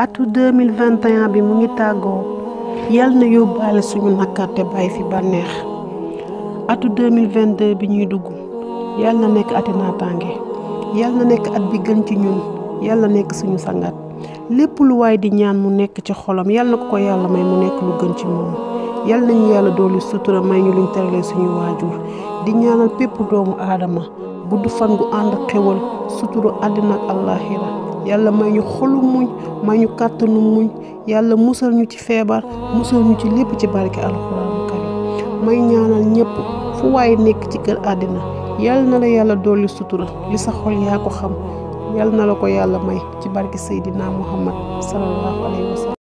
atu 2021 bi mu ngi tàggoo yal na yóbbaale suñu nakkaar te bàyyi fi bànneex atu 2022 bi ñuy dugg yal na nekk ati naataange yal na nekk at bi gën ci ñun yàlla na nekk suñu sangat lépp lu waaye di ñaan mu nekk ci xolam yal na ko ko yàlla may mu nekk lu gën ci moom yal nañu yàlla doolu sutura may ñu luñ teralee suñu waajur di ñaanal pépp doomu aadama gudd fan gu ànd xewal suturu àddina ak yàlla may ñu xolu muñ may ñu kàttanu muñ yàlla musal ñu ci feebar musal ñu ci lépp ci barke alxuraanu karim may ñaanal ñëpp fu waaye nekk ci kër àddina yàlla na la yàlla dolli sutura li sa xol yaa ko xam yàlla na la ko yàlla may ci barki Seydina Muhammad sallallahu alayhi wa sallam